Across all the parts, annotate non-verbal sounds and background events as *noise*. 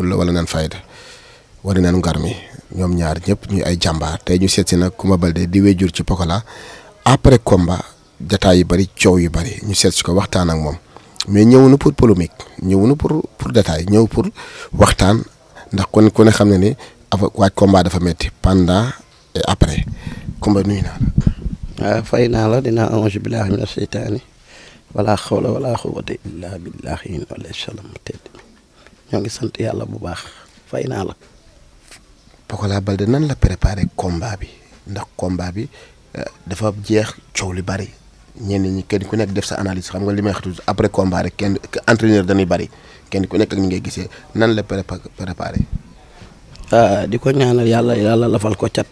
la wala nan fayda wari nan ngarmi ñoom ñaar ñëpp ñu ay jàmbaar tey ñu seet nag Coumba Baldé di wéjjur ci Pokola après komba jataay yu bari coow yu bëri ñu seet ko waxtaan ak moom mais ñëwunu pour polémique ñëwunu pour pour détail ñëw pour waxtaan ndax kon ku xam ne ni avant waaj combat dafa metti pendant et après Coumba nuyu naa la. Ah, fay naa la dinaa auzu billaahi mina seytaani wala xawla wala quwwata illaa billaahi ñoo ngi sant yàlla bu baax fay naa la. Pokola de nan la préparé komba bi ndax combat bi euh, dafa jeex coow li bari ñenn ñi kenn ku nekk def sa analyse xam nga li may wax après combat rek kenn dañuy bari kenn ku nekk ak ñi ngay gisee nan la préparé. Ah, di ko ñaanal yàlla yàlla lafal ko cat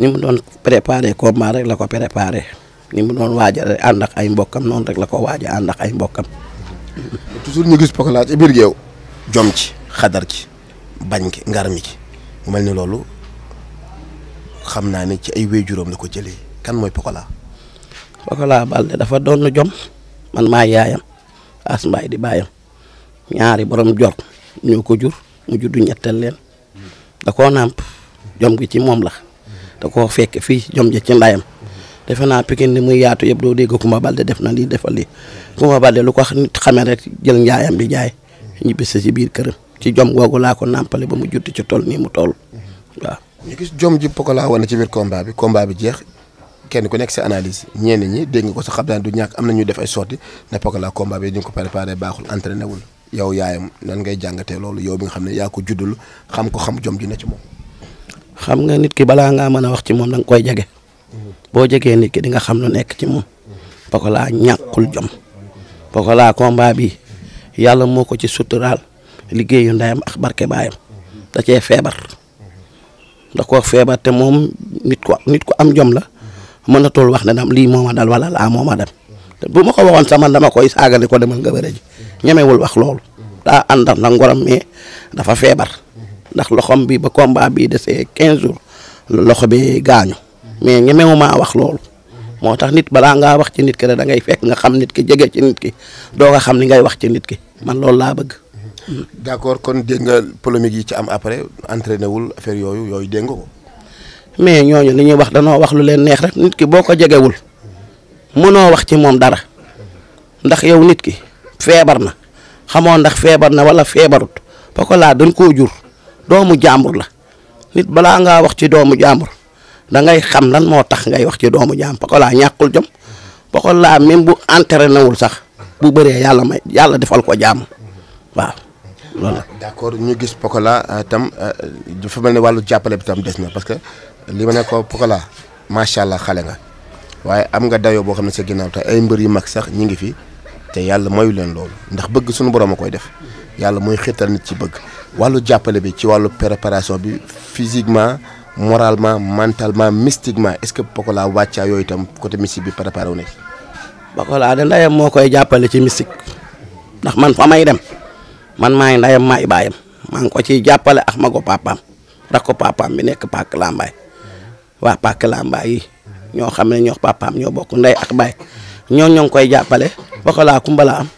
ni mu doon préparé combat rek la ko préparé ni mu doon waajal ànd ak ay mbokkam noonu rek la ko waaja ànd ay mbokkam. *laughs* toujours ñu gis pokola ci biir géew jom ci xadar ci bañ ki ngar mi mu mel ni loolu xam naa ni ci ay wéjuróom la ko jële kan mooy pokola pokola Balde dafa doon jom man maa yaayam as mbaay di baayam ñaari borom jor ñoo ko jur mu juddu ñettal leen da koo nàmp jom gi ci moom la da koo fekk fii jom ji ci ndayam defe naa Pikine ni muy yaatu yëpp doo dégg Kumba Balde def na lii defal lii Kumba Balde lu ko wax nit xamee rek jël njaayam di jaay sa ci biir këram ci jom googu laa ko nàmpale ba mu judd ci tool nii mu toll waaw. ñu gis jom ji poko laa wane ci biir combat bi combat bi jeex kenn ku nekk sa analyse ñenn ñi dégg nga ko sa xam du ñàkk am na ñuy def ay sorti ne poko laa combat bi ñu ko préparé baaxul entraîné wul yow yaayam nan ngay jàngatee loolu yow bi nga xam ne yaa ko juddul xam ko xam jom ji na ci moom. xam nga nit ki balaa ngaa mën a wax ci moom da nga koy jege boo jegee nit ki di nga xam lu nekk ci moom Pokola ñàkkul jom Pokola combat bi yàlla moo ko ci suturaal liggéeyu ndayam ak barke baayam da cee feebar da koo feebar te moom nit ko nit ko am jom la na tool wax ne dam lii moo ma dal wala laa moo ma dal bu ma ko sama dama koy saagale ko demal nga bëre ji wax loolu daa ànd ak ngoram mais dafa feebar ndax loxom bi ba combat bi desee quinze jours loxo bi gaañu mais ñemewumaa wax loolu moo tax nit balaa ngaa wax ci nit ki rek da ngay fekk nga xam nit ki jege ci nit ki doo nga xam ni ngay wax ci nit ki man loolu laa bëgg. d'accord kon dégg nga polémique yi ci am après entraîné wul affaire yooyu yooyu dégg ko. mais ñooñu ni ñu wax danoo wax lu leen neex rek nit ki boo ko jegewul mënoo wax ci moom dara ndax yow nit ki feebar na xamoo ndax feebar na wala feebarut laa dan koo jur doomu jàmbur la nit balaa ngaa wax ci doomu jàmbur. da ngay xam lan moo tax ngay wax ci doomu jaam Pokola ñàkkul jom Pokola même bu entraîné nawul sax bu bëree yàlla may yàlla defal ko jaam waaw. loolu d'accord ñu gis Pokola euh, tam euh, dafa mel ne wàllu jàppale bi tam des na parce que li ma ne ko Pokola macha allah xale nga waaye am nga dayoo boo xam ne sa ginnaaw te ay mbër yu mag sax ñu ngi fi te yàlla mayu leen loolu ndax bëgg suñu borom a koy def yàlla muy xeetal nit ci bëgg wàllu jàppale bi ci wàllu préparation bi physiquement. moralement mentalement mystiquement est-ce que Pokola wàccaa yooyu itam côté mystique bi préparé wu na ci. de ndayam moo koy jàppale ci mystique ndax man fa may dem man maay ndayam maay baayam maa ngi ko ciy jàppale ak ma ko papaam rak ko papaam bi nekk Pàkk Lambaay waa Pàkk Lambaay yi ñoo xam ne ñoo papaam ñoo bokk nday ak baay ñoo ñoo ngi koy jàppale pokolaa kumba la am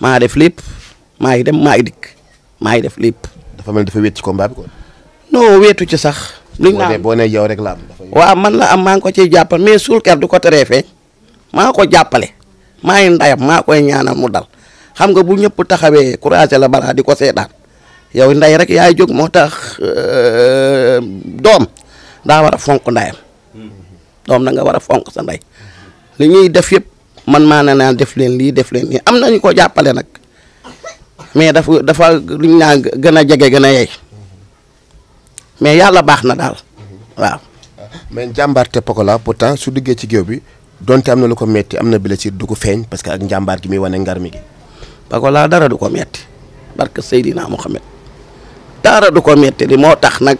maa def lépp maay dem maay dikk maay def lépp. dafa mel dafa wéet ci combat bi kon. non weetu ci sax. liñ naa boo nee rek la am. man la am maa ngi ko ciy jàppal mais suul ker du ko teree fee maa ko jàppale maa ngi ndayam maa koy ñaanal mu dal xam nga bu ñëpp taxawee courage la balaa di ko seetaan yow nday rek yaay jóg moo tax euh, doom daa war a fonk ndayam doom na nga war a fonk sa nday li ñuy def yëpp man maa ne naa def leen lii def leen lii am nañu ko jàppale nag mais dafa dafa lu naa gën a jege gën a yey. mais yàlla baax na daal mhm. waaw. mais njàmbaarte Pokola pourtant su duggee ci géew bi donte am na lu ko metti am na blessure du ko feeñ parce que ak njàmbaar gi muy wane ngarmi gi. Pokola dara du ko metti barke Seydina Mohamed dara du ko metti di moo tax nag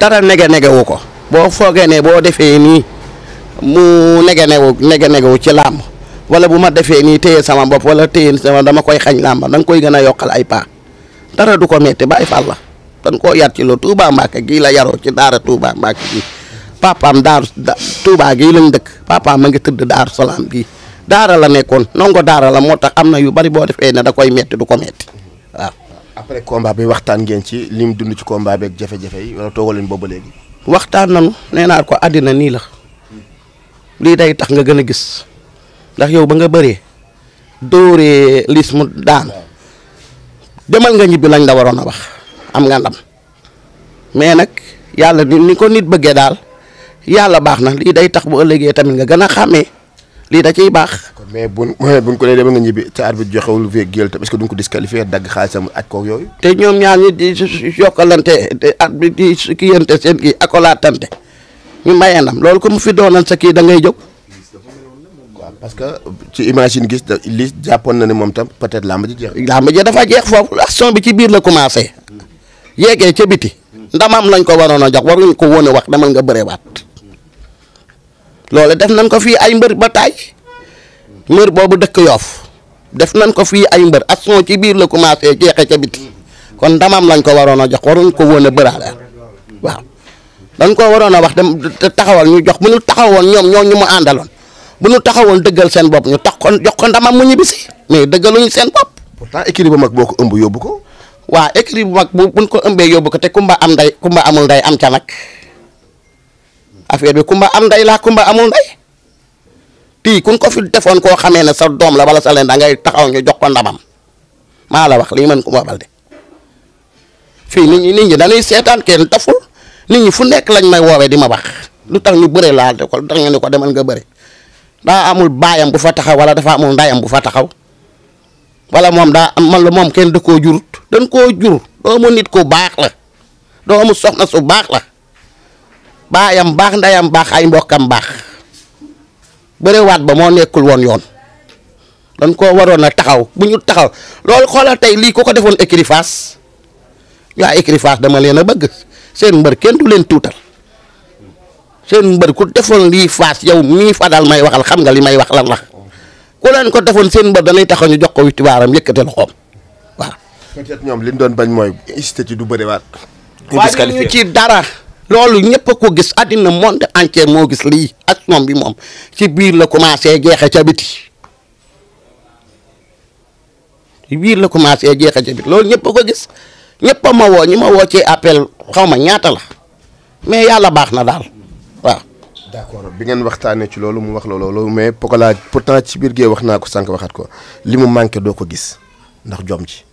dara nege nege wu ko boo foogee ne boo defee nii mu nege newu nege negewu ci làmb wala bu ma defee nii téye sama bopp wala téye sama dama koy xañ làmb da koy gën a yokkal ay paa dara du ko metti bàyyi fa dañ koo yar ci loolu Touba Mbacke gii la yaroo ci daara Touba Mbacke gii papaam daaru Touba gii lañ dëkk papaam ma ngi tëdd daaru salaam gii daara la nekkoon nongo daara la moo tax am na yu bari boo def defee na da koy metti du ko metti waaw. après combat bi waxtaan ngeen ci lim dund ci combat bi ak jafe-jafe yi wala toogal leen boobu léegi. waxtaan nañu nee naa ko àddina nii la lii day tax nga gën a gis ndax yow ba nga bëree dóoree lis mu daan demal nga ñibbi lañ la waroon a wax. am nga ndam mais nag yàlla ni ko nit bëggee daal yàlla baax na lii day tax bu ëllëgee tamit nga gën a xàmmee lii da ciy baax. mais buñ *laughs* buñ ko nee dem nga ñibbi te arbitre joxewul véhicule tam est-ce que duñ ko disqualifié dagg xaalisam te ñoom ñaar ñi di yokkalante arbitre di kii yante seen kii akolaatante ñu mayee ndam loolu ko mu fi doonal sa kii da ngay jóg. waaw parce que ci image yi gis da li na ne moom tam peut-être làmb ji jeex. làmb ji dafa jeex foofu action bi ci biir la commencé. yeggee ca biti ndamam lañ ko waroon a jox waruñ ko woon a wax demal nga bërewaat loolu def nañ ko fii ay mbër ba taay mbër boobu dëkk yoof def nañ ko fii ay mbër action ci biir la commencé jeexe ca biti kon ndamam lañ ko waroon a jox waruñ ko woon a bëraale waaw dañ ko waroon a wax dem taxawal ñu jox bu ñu taxawoon ñoom ñoo ñu mu àndaloon bu ñu taxawoon dëggal seen bopp ñu tax kon jox ko ndamam mu ñibbisi mais dëggaluñu seen bopp pourtant équilibre mag boo ko ëmb yóbbu ko waaw écrit bu mag bu buñ ko ëmbee yóbbu ko te kumba am nday kumba amul nday am ca bi kumba am nday laa kumba amul nday tii kun ko fi defoon koo xamee ne sa doom la wala sa leen da ngay taxaw ñu jox ko ndamam maa la wax lii man Kumba Balde fii nit ñi nit ñi dañuy seetaan nit ñi fu nekk lañ may woowee di ma wax lu tax ñu bëre laal de ko lu tax ñu ne ko demal nga bëre daa amul baayam bu fa taxaw wala dafa amul ndayam bu fa taxaw wala moom daa am man la moom kenn da koo jur dan koo jur doomu nit ku baax la doomu soxna su baax la baayam baax ndeyam baax ay mbokkam baax waat ba moo nekkul woon yoon dañ koo waroon a taxaw bu ñu taxaw loolu xoolal tey lii ku ko defoon écurie Fass waa écurie Fass dama leen a bëgg seen mbër du leen tuutal seen mbër defoon lii Fass yow mii fadal may waxal xam nga li may wax la la ku leen ko defoon seen mbër danay taxaw ñu jox ko witibaaram yëkkate loxoom peut ñoom li ñu doon bañ mooy incité ci du bëriwaat. ñu ci dara. loolu ñëpp a ko gis àddina monde entier moo gis lii ak action bi moom ci biir la commencé jeexe ca biti la commencé jeexe ca biti loolu ñëpp a ko gis ñëpp a ma woo ñi ma woo ci appel xaw ma ñaata la mais yàlla baax na daal waaw. d'accord bi ngeen waxtaanee ci loolu mu wax la loolu mais Pokola pourtant ci biir gee wax naa ko sànq waxaat ko li mu manqué doo ko gis ndax jom ci.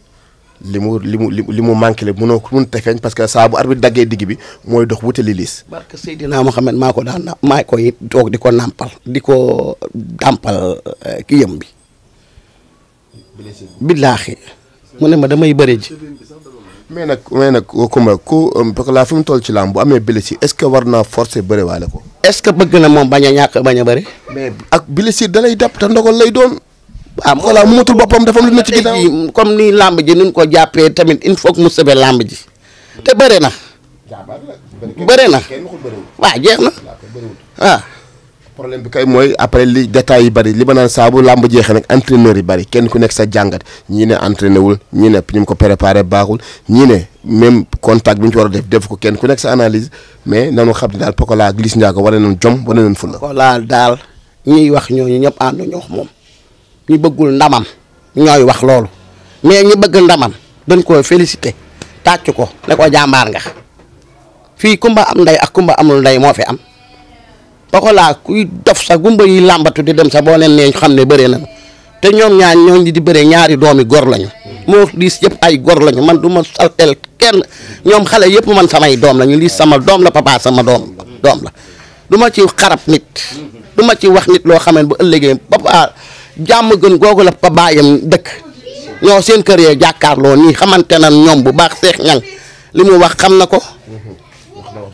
li mu li mu li mu manqué la mënoo ko mënut a feeñ parce que saa bu arbitre daggee digg bi mooy dox wutali liis. barke Seydina Mohamed maa ko daan maa ko it toog di ko nàmpal di ko dàmpal eh, ki yëm bi. billaahi mu ne ma damay bëri ji. mais nag mais nag Coumba oh, ku um, parce ko laa fi mu toll ci làmb bu amee blessure est-ce que war naa forcer bëri waale ko. est-ce que bëgg na moom bañ a ñàkk bañ a bëri. mais ak blessure da dab te ndogal lay doon. ah voilà moomatul boppam dafa am lu ne ci ginnaaw comme nii làmb ji nuñ ko jàppee tamit il faut que mu sëbe làmb ji te bëre na. bëre na waaw jeex na waaw. Ah. bi kay mooy après li détails yi bari li ma naan saabu làmb jeexee nag entraîneur yi bari kenn ku nekk sa jàngat ñii ne entraîné wul ñii ne ñu ko préparé baaxul ñii ne même contact bi ñu ci war a def def ko kenn ku nekk sa analyse mais nanu xam ne daal laa ak Liss Ndiago wane nañu jom wane nañu fulla. Pokola daal ñuy wax ñooñu ñëpp ànd ñoo moom. ñi bëggul ndamam ñooy wax loolu mais ñi bëgg ndamam dañ koo félicité tàcc ko ne ko jàmbaar nga fii kumba am ndey ak kumba amul ndey moo fi am ba ko laa kuy dof sa gumba yi làmbatu di dem sa boo leen nee xam ne bëree na te ñoom ñaar ñoo di bëree ñaari doomi gor lañu moo liis yëpp ay gor lañu man du ma saltel kenn ñoom xale yëpp man samay doom lañu liis sama doom la papa sama doom doom la du ci xarab nit du ci wax nit loo xamee bu ëllëgee papa jàmm gën googu la ko bàyyam dëkk ñoo seen kër yee jàkkaarloo nii xamante na ñoom bu baax seex ñang li mu wax xam na ko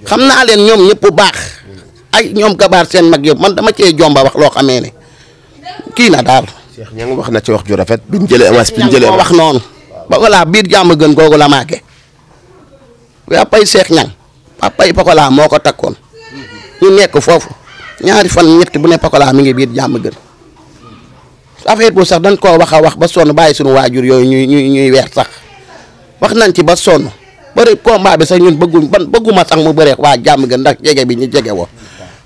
xam naa leen ñoom ñëpp bu baax ay ñoom gabaar seen mag yow man dama cee jomba wax loo xamee ne kii na daal. seex ñang wax na ci wax ju rafet bi mu jëlee avance bi mu jëlee wax noonu. ba biir jàmm gën googu la màggee papay seex ñang papay Pokola moo ko takkoon ñu nekk foofu ñaari fan ñetti bu ne Pokola mi ngi biir a gën. affaire boobu sax dañ koo wax a wax ba sonn bàyyi suñu waajur yooyu ñuy ñuy ñuy weer sax wax nañ ci ba sonn bëri combat bi sax ñun bëgguñ ban bëgguma sax mu bëree waa jàmm gën ndax jege bi ñu jege woo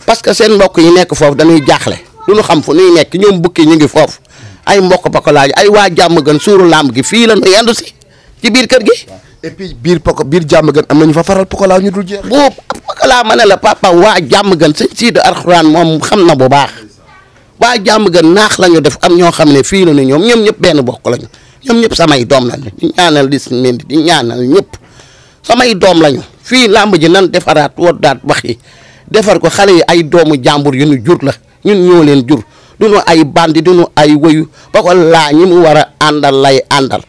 parce que seen mbokk yi nekk foofu dañuy jaaxle du ñu xam fu ñuy nekk ñoom bukki ñu ngi foofu ay mbokk ba laaj ay waa jàmm gën suuru làmb gi fii la ñu si ci biir kër gi. et puis biir biir jàmm gën am nañu fa faral pokolaa ñu dul jeex. boobu pokolaa ma ne la papa waa jàmm gën sëñ Sidi Alxuraan moom xam na bu baax. waa jàmb ga naax la ñu def am ñoo xam ne fii la ñu ñoom ñoom ñëpp benn bokk lañu ñoom ñëpp samay doom lañu di ñaanal di mendi di ñaanal ñëpp samay doom lañu fii làmb ji nan defaraat woddaat wax yi defar ko xale yi ay doomu jàmbur yu ñu jur la ñun ñoo leen jur duñu ay bandi duñu ay wëyu ba ko laa ñi mu war a àndal lay àndal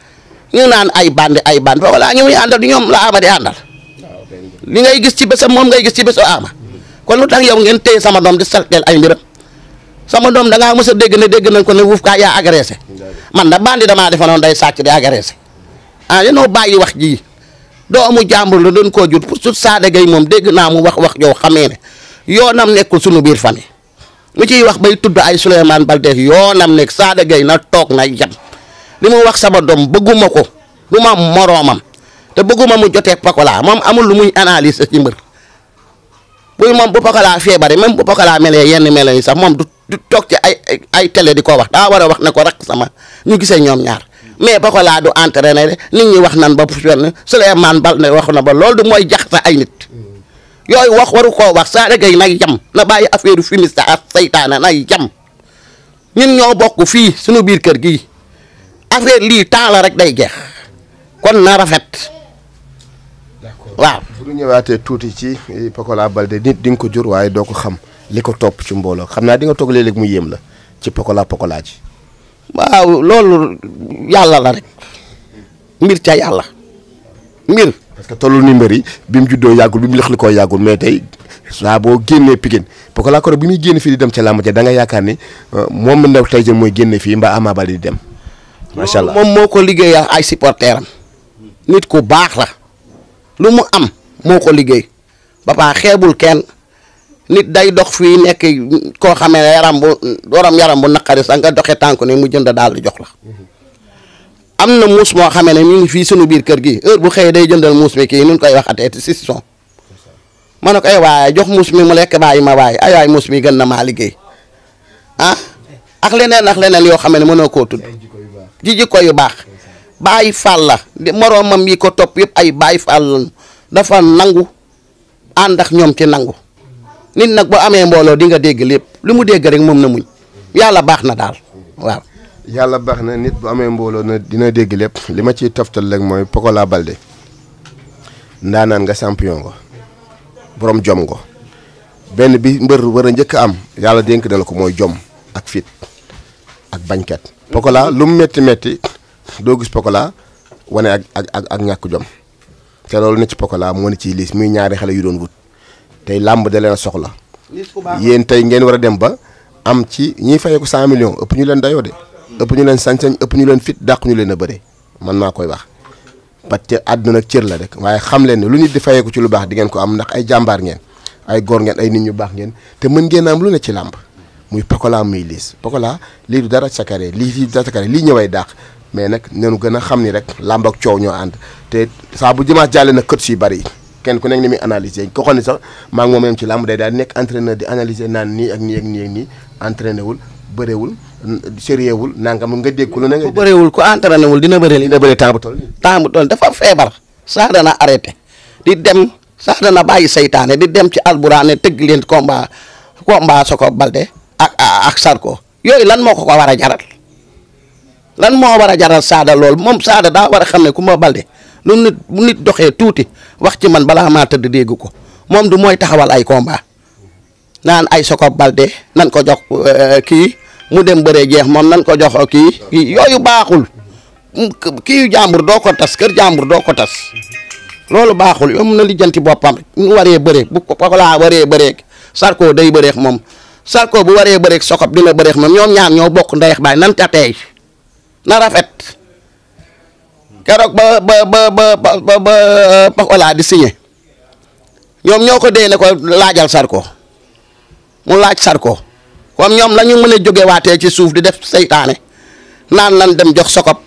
ñu naan ay bandi ay bandi ba ko laa muy àndal di ñoom la ama di àndal li ngay gis ci bésam moom ngay gis ci bésu ama kon lu tax yow ngeen téye sama doom di ay mbiram sama doom da ngaa dégg ne dégg nañ ko ne wuuf kaa yaa agressé man da bandi damaa defanoon noonu day sàcc di agressé ah yéenoo bàyyi wax ji doomu jàmbur la doon koo jur pour su Sada Gueye moom dégg naa mu wax wax yow xamee ne yoonam nekkul sunu biir famille mu ciy wax bay tudd ay Souleymane Balde yoonam nekk saada gay na toog na jam li mu wax sama doom bëgguma ko du ma moroomam te bëgguma mu jotee Pokola moom amul lu muy analyse ci mbër buy moom bu Pokola feebare même bu Pokola melee yenn melo yi sax moom du du toog ci ay ay télé di ko wax daa war a wax ne ko rak sama ñu gisee ñoom ñaar mais ba ko laa du de nit ñi wax nan ba fenn Souleymane Bal ne wax na ba loolu du mooy jaxta ay nit yooyu wax waru koo wax Saare Gueye nay yam na bàyyi affaire fumiste ak saytaane nay yam ñun ñoo bokk fii suñu biir kër gii affaire lii temps la rek day jeex kon na rafet. d'accord waaw. bu ñu ñëwaatee tuuti ci Pokola Balde nit di nga ko jur waaye doo ko xam. li ko topp ci mbooloo xam naa di nga toog léeg-léeg mu yéem la ci pokola pokola ji waaw loolu yàlla la rek mbir ca yàlla mbir parce que tollul ni mbër yi bi mu juddoo yàggul bi mu lëx li koo yàggul mais tey saa boo génnee Pikine pokola koro bi muy génn fii di dem ca làmb ja da nga yaakaar ni euh, moom ndaw tey mooy génne fii mbaa Ama dem macha allah moo ko liggéey ay supporteram nit ku baax la lu mu am moo ko liggéey ba pare xeebul kenn nit day dox fii nekk koo xamee ne yaram bu borom yaram bu naqari sax nga doxee tànk ne mu jënd daal di jox la am na muus moo xamee ne ñu ngi fii sunu biir kër gi heure bu xëyee day jëndal muus mi kii nun koy wax ateeti six son ma ne ko ay waaye jox muus mi mu lekk baay ma waaye ay waay muus mi gën na maa liggéey ah ak leneen ak leneen yoo xam ne mënoo koo tudd ji jikko yu baax bàyyi fàll la moroomam yi ko topp yëpp ay bàyyi dafa nangu ànd ñoom ci nangu nit nag boo amee mbooloo di nga dégg lépp lu mu dégg rek moom na muñ yàlla baax na daal waaw. yàlla baax na nit bu amee mbooloo na dina dégg lépp li ma ciy toftal rek mooy Pokola Balde ndaanaan nga champion nga borom jom ko benn bi mbër war a njëkk am yàlla dénk na la ko mooy jom ak fit ak bañket Pokola lu mu metti metti doo gis Pokola wane ak ak ak ñàkk jom te loolu ne ci Pokola moo ne ci liis muy ñaari xale yu doon wut. tey làmb de leen a soxla. yéen tey ngeen war a dem ba am ci ñiy fayeeku cent million ëpp ñu leen dayoo de. ëpp ñu leen sañ ëpp ñu leen fit dàq ñu leen a bëre man naa koy wax. parce que àdduna cër la rek waaye xam leen ne lu nit di fayeeku ci lu baax di ngeen ko am ndax ay jàmbaar ngeen ay góor ngeen ay nit ñu baax ngeen te mën ngeen am lu ne ci làmb muy Pokola muy liis Pokola lii du dara sakare lii lii du dara sakare lii ñëway dàq mais nag nenu gën a xam ni rek làmb ak coow ànd te saa bu jëmaat jàlle na kët yu bari kenn ku nekk ni muy analyser ko xam ne sax maa ngi moom yam nekk entraîneur di analyser naan nii ak nii ak nii ak nii entraîné wul bëreewul sérieux nga dégg lu ne nga. ku bëreewul ku wul dina bëre dina bëre temps bu toll. temps bu toll dafa feebar sax na arrêté di dem sax na bàyyi seytaane di dem ci alburaane tëgg leen combat combat Sokop Balde ak ak Sarko yooyu lan moo ko ko war a jaral lan moo war a jaral Saada lool moom Saada daa war a xam ne ku Balde. lu nit bu nit doxee tuuti wax ci man balaa maa tëdd dégg ko moom du mooy taxawal ay combat naan ay Sokop Balde nan ko jox euh, kii mu dem bëree jeex moom nan ko jox kii kii yooyu baaxul kii jàmbur doo ko tas kër jàmbur doo ko tas loolu baaxul yow mun na lijjanti boppam ñu waree bëree bu ko laa waree bëree Sarko day bëreex moom Sarko bu waree bëreeg Sokop dina bëreex moom ñoom ñaar ñoo bokk ndeyex baay nan ca tey na rafet. keroog ba ba ba ba ba Pakola di signé ñoom ñoo ko dee ne ko laajal Sarko mu laaj Sarko comme ñoom la ñu mën a jóge waatee ci suuf di def seytaane naan lan dem jox Sokop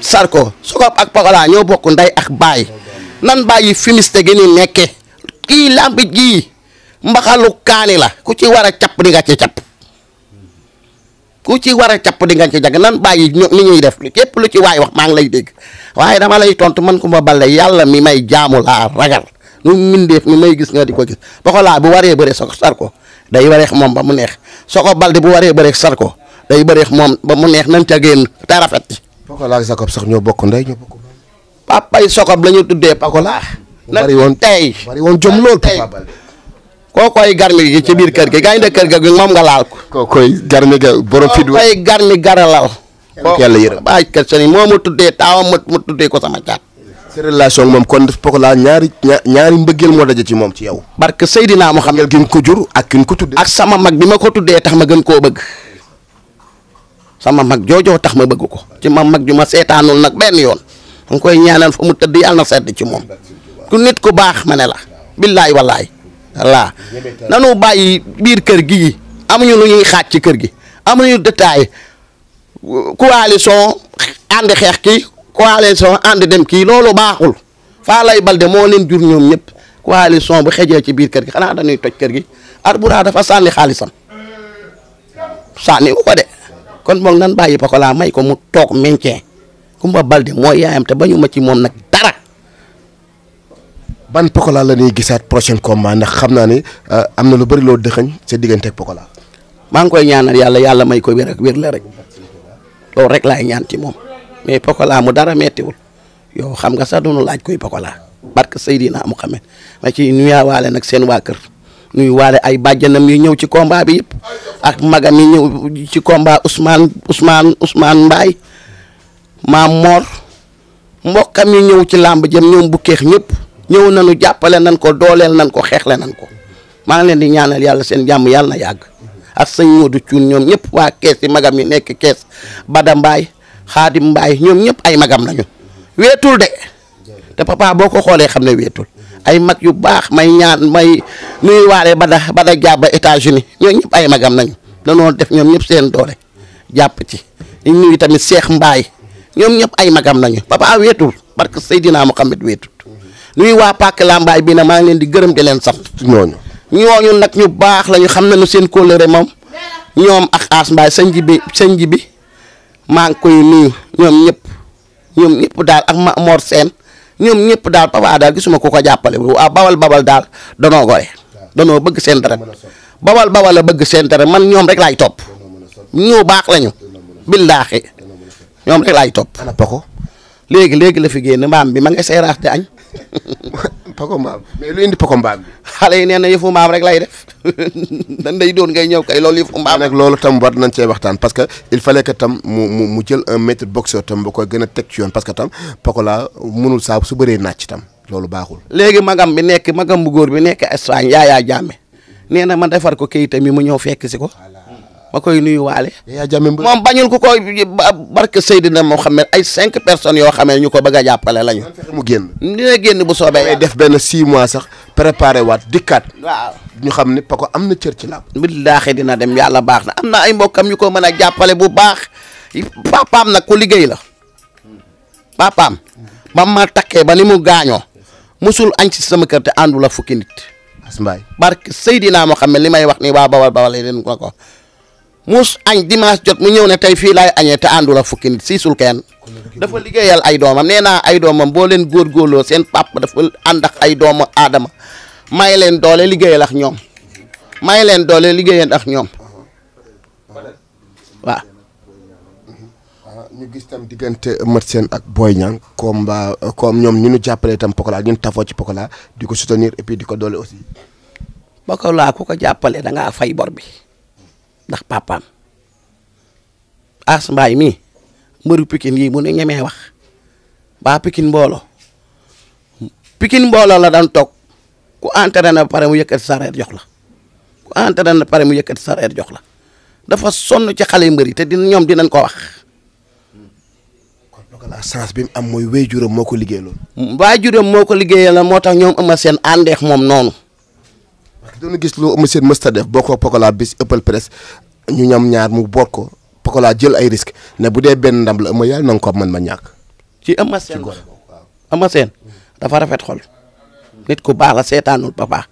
Sarko Sokop ak Pakola ñoo bokk ndey ak baay nan bàyyi fumiste gi ni nekke kii làmb ji mbaxalu kaani la ku ci war a capp di nga ci ku ci war a capp di nga ci jag nan bàyyi ñu ni ñuy def képp lu ci waay wax maa ngi lay dégg waaye dama lay tontu man Kumba Baldé yàlla mi may jaamu laa ragal nu mindeef mi may gis nga di ko gis Pokola bu waree bëree so sar ko day wareex moom ba mu neex Soko Baldé bu waree bëree sar ko day bëreex moom ba mu neex nan ca génn te rafet ci. Pokola ak Jacob sax ñoo bokk ndey ñoo bokk. papay Soko la tuddee Pokola. bari woon tey bari woon jom lool Pokola koo koy garmi gi ci biir kër gi gaynde kër gi moom nga laal ko. koo koy garmi ga borom waaye koo koy garmi garalal. yàlla yërëm baaj kër sëriñ moo mu tuddee taawam mu tuddee ko sama caat. sa relation moom kon pokola ñaari ñaari mbëggeel moo daje ci moom ci yow. barke Seydina mu xam ne. gi nga ko jur ak ki nga ko tuddee. ak sama bi ma ko tuddee tax ma gën koo bëgg sama joojoo tax ma bëgg ko ci ma mag ju ma seetaanul nag benn yoon da nga koy ñaanal fa mu tëdd yàlla na sedd ci moom ku nit ku baax ma ne la billaay wallaay. voilà nanu bàyyi biir kër gi amuñu lu ñuy xaaj ci kër gi amuñu détail coalition ànd xeex kii coalition ànd dem kii loolu baaxul Falaye Balde moo leen jur ñoom ñëpp coalition bu xejee ci biir kër gi xanaa dañuy toj kër gi Arboura dafa sànni xaalisam sànni wu ko de kon moom nan bàyyi Pokola may ko mu toog maintien Kumba Balde mooy yaayam te bañu ci moom nag ban Pokola la ñuy gisaat prochain combat ndax xam naa ne euh, am na lu bëri loo dëxëñ sa diggante ak Pokola. maa ngi koy ñaanal yàlla yàlla may ko wér ak wér la rek loolu rek laay ñaan ci moom mais Pokola mu dara mettiwul yow xam nga sax doonu laaj koy Pokola barke Seydina Muhammad ma ci nuyaawaale nag seen waa kër nuyuwaale ay bàjjanam yi ñëw ci kombaa bi yëpp ak magam yi ñëw ci combat Ousmane usmaan usmaan mbaay maam Mor mbokkam yi ñëw ci làmb jëm ñoom bu keex ñëpp. ñëw nañu jàppale nañ ko dooleel nañ ko xeexle nañ ko maa ngi leen di ñaanal yàlla seen jàmm yàlla na yàgg ak sëñ Modou Thioune ñoom ñëpp waa kees yi magam yi nekk kees Bada Mbaay Xaadim Mbaay ñoom ñëpp ay magam lañu weetul de te papa boo ko xoolee xam ne weetul ay mag yu baax may ñaan may nuy waale Bada Bada Jaaba États-Unis ñoom ñëpp ay magam nañu danoo def ñoom ñëpp seen doole jàpp ci ñu nuyu tamit Seex Mbaay ñoom ñëpp ay magam nañu papa weetul parce que mu Muhammad weetul nuyu waa Pàcc Lambaay bii na maa ngi leen di gërëm di leen sant ñooñu ñooñu nag ñu baax lañu xam na nu seen kóllëre moom ñoom ak As Mbaye sëñ ji bi sëñ bi maa ngi koy nuyu ñoom ñëpp ñoom ñëpp daal ak ma moor seen ñoom ñëpp daal papa daal gisuma ko ko jàppale waa bawal babal daal danoo gore danoo bëgg seen dara bawal bawal la bëgg seen dara man ñoom rek laay topp ñu baax lañu billaahi ñoom rek laay topp léegi léegi la fi génn mbaam bi ma nga añ *laughs* pako mbaam mais lu indi pako mbaam bi. xale yi nee na yëfu mbaam rek lay def *laughs* dañ lay doon ngay ñëw kay loolu yëfu mbaam. nag loolu tam war nañ cee waxtaan parce que il fallait que tam mu mu mu jël un maître boxeur tam bu koy gën a teg ci yoon parce que tam pako laa mënul saa su bëree naaj tam loolu baaxul. léegi magam bi nekk magam bu góor bi nekk Espagne yaayaa jàmme nee na ma far ko kayitam yi mu ñëw fekk si ko. ma koy nuyu waale moom bañul ku ko barke Seydina Mohamed ay cinq personnes yoo xamee ñu ko bëgg a jàppale lañu mu génn dina génn bu soobee def benn six mois sax préparé waat dikkaat waaw ñu xam ne Paco am na cër ci làmb billaahi dina dem yàlla baax na am na ay mbokkam ñu ko mën a jàppale bu baax papaam nag ku liggéey la papaam ba maa takkee ba ni mu gaañoo musul añ ci sama kër te àndul a fukki nit naa moo xam Mohamed li may wax ni waa bawal bawal yi ko ko mus añ dimanche jot mu ñëw ne tey fii laay añee te àndul ak fukki nit siisul dafa liggéeyal ay doomam nee naa ay doomam boo leen góorgóorloo seen papa dafa ànd ay doomu aadama may leen doole liggéeyal ak ñoom may leen doole liggéeyal ak ñoom waaw. Ah, ñu gis tam diggante Eumeu Sène ak Boy Niang koom ba comme ñoom ñu nu jàppalee tam Pokola ñun tafoo ci Pokola di ko soutenir et di ko doole aussi. Pokola ku ko jàppalee da ngaa fay bor bi. ndax papaam as mbaay mii mbëru pikin yi mu ne ñemee wax baa pikin mbooloo pikin mbooloo la daan toog ku entraîné na pare mu yëkkati sareet jox la ku entraîné na pare mu yëkkati sareet jox la dafa sonn ci xale yu mbër yi te dina ñoom dinañ ko wax. kon donc la chance bi mu am mooy waajuram moo ko liggéeyaloon. waajuram moo ko liggéeyaloon moo tax ñoom am seen àndeex moom noonu. doon gis lu monsieur mësta def boo ko Pokola bis ëppal presse ñu ñam ñaar mu boot ko Pokola jël ay risque ne bu dee benn ndam la Eumeu Yàlla na nga ko man ma ñàkk. ci Eumeu Sène ko Eumeu dafa rafet xol nit ko baax la seetaanul papa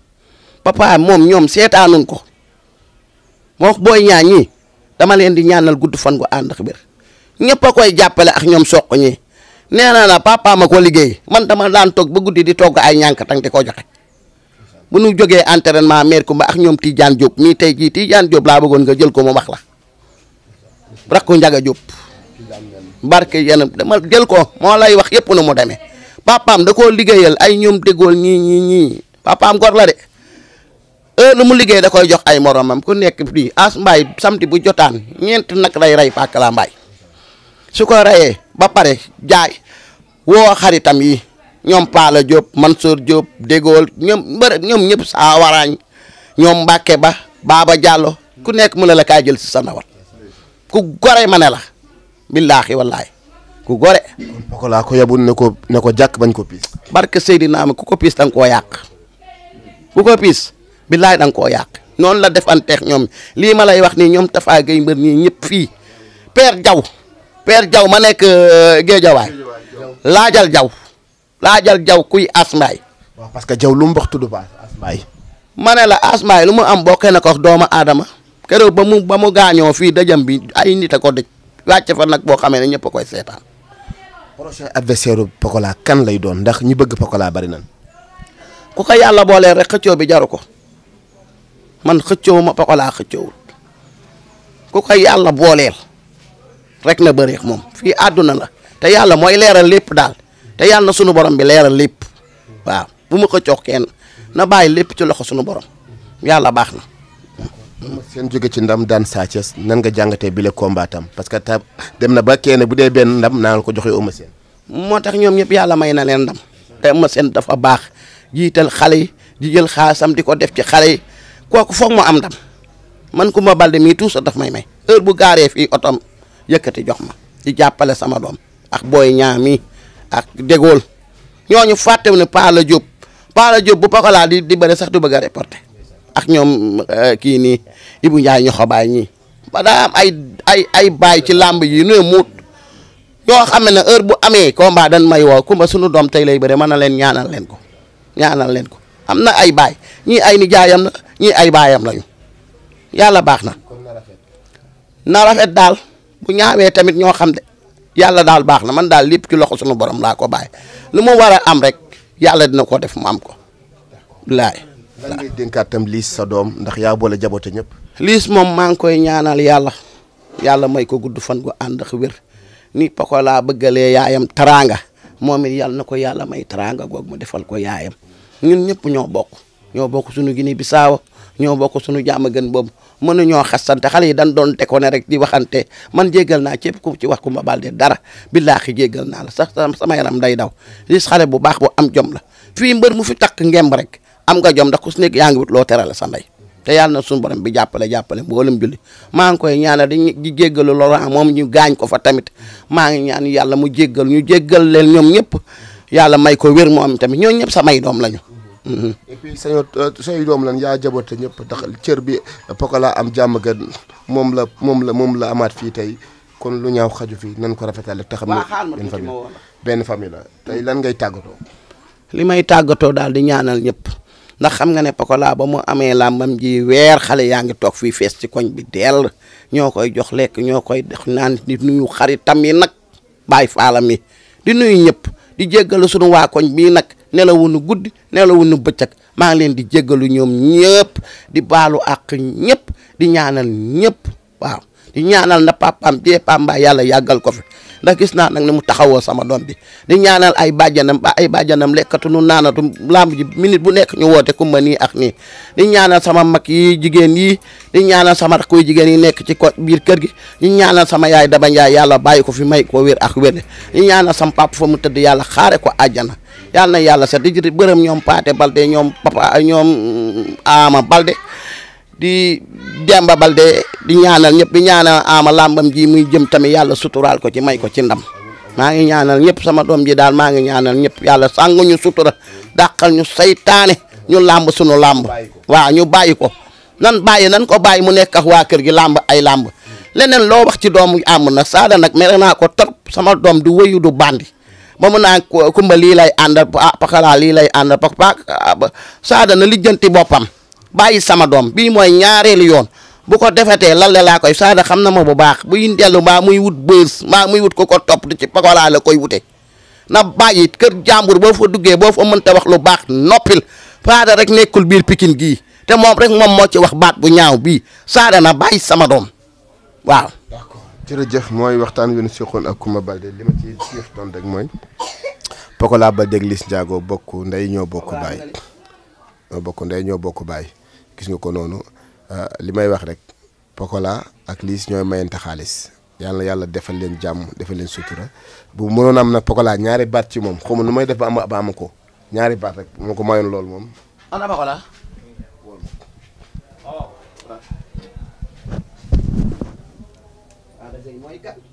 papa moom ñoom seetaanun ko moo booy ñaa ñii dama leen di ñaanal gudd fan gu ànd ak biir ñëpp a koy jàppale ak ñoom soq ñi nee naa la papa ma ko liggéey man dama daan toog ba guddi di toog ay ñànk tang di ko joxe. bu nu jógee entraînement mère Kumba ak ñoom Tidiane Diop mii tey jii Tidiane Diop laa bëggoon nga jël ko mu wax la rakku Njaga Diop barke yenn dama jël ko moo lay wax yépp nu mu demee papaam da koo liggéeyal ay ñoom déggool ñii ñii ñii papaam gor la de heure mu liggéey da koy jox ay moromam ku nekk fii as mbaay samedi bu jotaan ñeent nag lay rey pàkk mbaay su ko reyee ba pare jaay woo xaritam yi ñoom Paala Diop Mansour Diop Dégool ñoom bëri ñoom ñëpp saa waraañ ñoom Mbacke ba baaba Diallo ku nekk mu la la kaa jël si sa ndawal ku gore ma ne la billaahi wallaahi ku gore. kon laa ko yabul ne ko ne ko jàkk bañ ko piis. barke Seydina am ku ko piis da nga koo yàq ku ko piis billaahi da nga koo yàq noonu la defanteex ñoom lii ma lay wax ni ñoom Tafa Gueye mbër ñii ñëpp fii Père Diaw Père Diaw ma nekk euh, Géejawaay laajal Diaw. laajal jaw kuy asmaay. waaw parce que jaw lu mu wax tudd ba asmaay. ma ne la asmaay lu mu am bokkee na ko doomu aadama keroog ba mu ba mu gaañoo fii dajam bi ay nit a ko dëj wàcce fa nag boo xamee ne ñëpp koy seetaan. prochain adversaire bu Pokola kan lay doon ndax ñi bëgg Pokola bari nan ku ko yàlla booleel rek bi jaru ko man xëccoo ma Pokola xëccoowul ku ko yàlla rek na bëreex moom fii àdduna la te yàlla mooy leera lépp daal. te yàlla na sunu borom bi leeral lépp waaw bu ma ko jox kenn na bàyyi lépp ci loxo sunu borom yàlla baax na. seen jóge ci ndam daan Sa Thiès nan nga jàngatee bile combat am parce que ta dem na ba kenn bu dee benn ndam naa la ko joxee Eumeu Sène. moo tax ñoom ñëpp yàlla may na leen ndam te ma seen dafa baax jiital xale yi di jël xaasam di ko def ci xale yi kooku foog mu am ndam man ku ma balde mii tout dafa may may heure bu gaaree fii otom yëkkati jox ma di jàppale sama doom ak dégool ñooñu fàttewu ne Paala Diop Paala Diop bu Pokola di di bëri sax du bëgg a reporter ak ñoom euh, kii nii Ibou Ndiaye ñoxo baay ñii ba daa am ay ay ay baay ci làmb yi ne muut yoo xam ne heure bu amee combat dañ may woo kumba sunu doom tey lay bëre man na leen ñaanal leen ko ñaanal leen ko am na ay baay ñii ay nijaayam la ñii ay baayam lañu yàlla baax na na rafet daal bu ñaawee tamit ñoo xam de yàlla daal baax na man daal lépp ci loxo sunu borom laa ko bàyyi lu mu war a am rek yàlla dina ko def mu am ko. laay lan ngay sa doom ndax yaa boole ñëpp. liis moom maa ngi koy ñaanal yàlla yàlla may ko gudd fan gu ànd ak wér ni Pokola bëggalee yaayam taraanga moom it yàlla na ko yàlla may taraanga goog mu defal ko yaayam ñun ñëpp ñoo bokk ñoo bokk suñu Guinée Bissau ñoo bokk suñu jàmm gan boobu mënuñoo xasante xale yi dañ doon teko ne rek di waxante man jéggal naa cépp ku ci wax Coumba Baldé dara billaahi jéggal naa la sax sama yaram day daw gis xale bu baax bu am jom la fii mbër mu fi takk ngemb rek am nga jom ndax ku si nekk yaa wut loo teral sa ndey te yàlla na suñu borom bi jàppale jàppale mboolum julli maa ngi koy ñaanal di di jéggalu Laurent moom ñu gaañ ko fa tamit maa ngi ñaan yàlla mu jéggal ñu jéggal leen ñoom ñëpp yàlla may ko wér moom tamit ñoo ñëpp samay doom lañu Mm-hmm. et puis sañoo euh, say doom lan yaa jaboote ñëpp ndax cër bi Pokola am jàmm moom la moom la moom la amaat fii tey kon lu ñaaw xaju fii nan ko rafetal te xam ne benn famille benn famille la lan ngay tàggatoo. li may tàggatoo daal di ñaanal ñëpp ndax xam nga ne Pokola ba mu amee làmbam ji weer xale yaa ngi toog fii fees ci koñ bi dell ñoo koy jox lekk ñoo koy def naan di nuyu xaritam yi nag bàyyi faalam yi di nuyu ñëpp di jéggalu sunu waa koñ bii nag. nelawuñu guddi nelawuñu bëccëg maa ngi leen di jéggalu ñoom ñëpp di baalu àq ñëpp di ñaanal ñëpp waaw di ñaanal na papaam jee pamba yàlla yàggal ko fi ndax gis naa nag ne mu taxawoo sama doom bi di ñaanal ay bàjjanam ba ay bàjjanam lekkatu nu naanatu lamb ji minit bu nekk ñu woote kumba ma nii ak nii di ñaanal sama mag yi jigéen yi di ñaanal sama rak koy jigéen yi nekk ci ko biir kër gi di ñaanal sama yaay daba njaay yàlla bàyyi ko fi may ko wér ak wér di ñaanal sama papa fa mu tëdd yàlla xaare ko àjjana yàlla na yàlla set di jëri bërëm ñoom paate bal ñoom papa ñoom mm, ama balde di Demba Balde di ñaanal ñëpp di ñaanal ama làmbam ji muy jëm tamit yàlla suturaal ko ci may ko ci ndam maa ngi ñaanal ñëpp sama doom ji daal maa ngi ñaanal ñëpp yàlla sànguñu ñu sutura dàqal ñu saytaane ñu làmb sunu làmb waa ñu bàyyi ko nan bàyyi nan ko bàyyi mu nekk ak waa kër gi làmb ay làmb leneen loo wax ci doomu am nag saada nag mere naa ko trop sama doom di wëyu du bandi ba mu naan kumba lii lay àndal ah paxalaa lii lay àndal pa ah, saada na lijjanti boppam bàyyi sama doom bii mooy ñaareelu yoon bu ko defetee lan la laa koy saada xam na ma bu baax buy dellu mbaa muy wut bës mbaa muy wut ko ko topp di ci pakolaa la koy wute na bàyyi kër jàmbur boo fa duggee boo fa mënta wax lu baax noppil saada rek nekkul biir pikin gii te moom rek moom moo ci wax baat bu ñaaw bii saada na bàyyi sama doom waaw. d'accord jërëjëf mooy waxtaan wi ñu seqoon ak Coumba Baldé li ma ci rek mooy Pokola Baldé ak Liss Ndiago bokk ndey ñoo bokk baay ñoo bokk ndey gis nga ko noonu euh, li may wax rek Pokola ak Liss ñooy mayante xaalis yàlla yàlla defal leen jàmm defal leen sutura bu mënoon am nag Pokola ñaari baat ci moom xaw ma nu may def ba am ba am ko ñaari baat rek moo ko mayoon loolu moom. ana